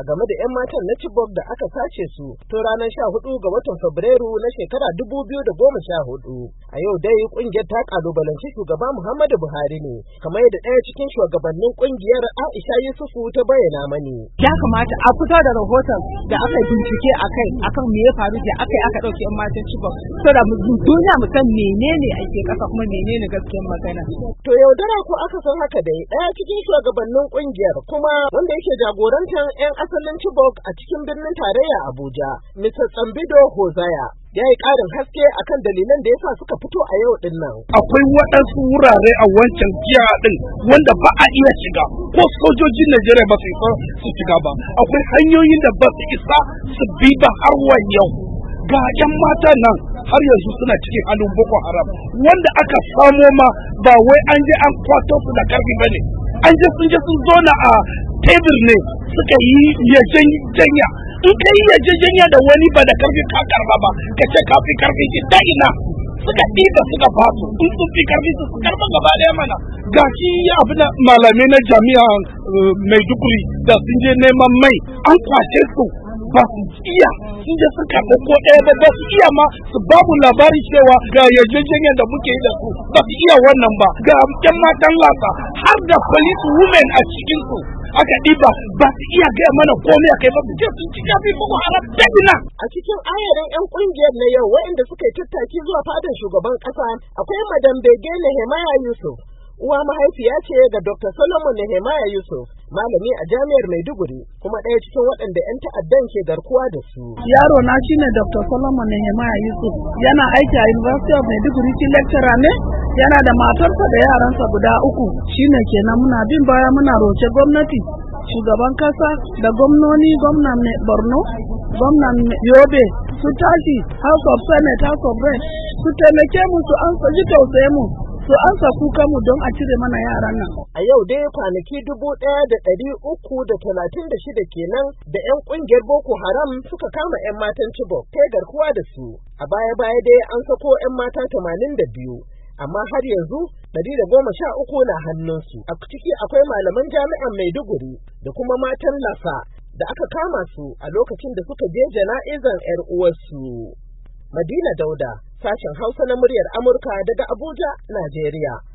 a game da 'yan matan na Chibok da aka sace su tun ranar 14 ga watan Fabrairu na shekara 2014. A yau dai kungiyar ta kalubalanci shugaba Muhammadu Buhari ne, kamar da ɗaya cikin shugabannin kungiyar Aisha Yusufu ta bayyana mani. Ya kamata a fito da rahoton da aka bincike a kai akan me ya faru da aka yi aka ɗauki 'yan matan Chibok. Saboda duniya mu san menene ake ƙasa kuma menene gaskiyar magana. To yaudara ko aka san haka dai ɗaya cikin shugabannin kungiyar kuma wanda yake jagorantar 'yan asalin Chibok a cikin birnin tarayya Abuja, Mr. Tsambido Hozaya. Ya yi ƙarin haske akan dalilan da ya sa suka fito a yau ɗin nan. Akwai waɗansu wurare a wancan jiya ɗin wanda ba a iya shiga ko sojojin Najeriya ba su isa su shiga ba. Akwai hanyoyin da ba su isa su bi ba har wa yau. Ga 'yan mata nan har yanzu suna cikin hannun Boko Haram wanda aka samo ma ba wai an je an kwato su da karfi ba ne. an je sun je sun zona a tebur ne suka yi yajen janya in ka yi yajen janya da wani ba da karfi ka karba ba ka ce ka fi karfi ki ta ina suka ɗiba suka fasu in sun fi karfi su karba gaba ɗaya mana ga shi abin malamai na jami'a eh, maiduguri da sun je neman mai an kwace su ba su iya sun je sun karɓi ko ɗaya ba ba su iya ma su babu labari cewa ga yarjejeniyar da muke yi da su ba su iya wannan ba ga yan matan lasa har da police women a cikin su aka ɗiba ba su iya gaya mana komai a kai ba su je sun ci gafi boko haram dabina. A cikin ayarin 'yan ƙungiyar na yau waɗanda suka yi tattaki zuwa fadar shugaban ƙasa akwai madam Bege Nehemiah Yusuf. Uwa mahaifiya ce ga Dr. Solomon Nehemiah Yusuf. malami a jami'ar Maiduguri kuma ɗaya cikin waɗanda 'yan ta'addan ke garkuwa da su. Yaro na ne Dr. Solomon Nehemiah Yusuf yana aiki a University of Maiduguri cikin lecturer ne yana da matarsa da yaransa guda uku Shi shine kenan muna bin baya muna roce gwamnati shugaban kasa da gwamnoni gwamnan borno gwamnan yobe su tashi house of senate house of rep su taimake mu su an saji tausaye mu an amsa kuka mu don a cire mana yaran nan. A yau dai kwanaki dubu ɗaya da ɗari uku da talatin da shida kenan da 'yan ƙungiyar Boko Haram suka kama 'yan matan Chibok ta garkuwa da su. A baya-baya dai an sako 'yan mata tamanin da biyu. Amma har yanzu ɗari da goma sha uku na hannunsu. A ciki akwai malaman jami'an Maiduguri da kuma matan Lafa da aka kama su a lokacin da suka je jana'izan 'yar uwarsu. Madina Dauda, Sashen Hausa na muryar Amurka daga Abuja, Najeriya.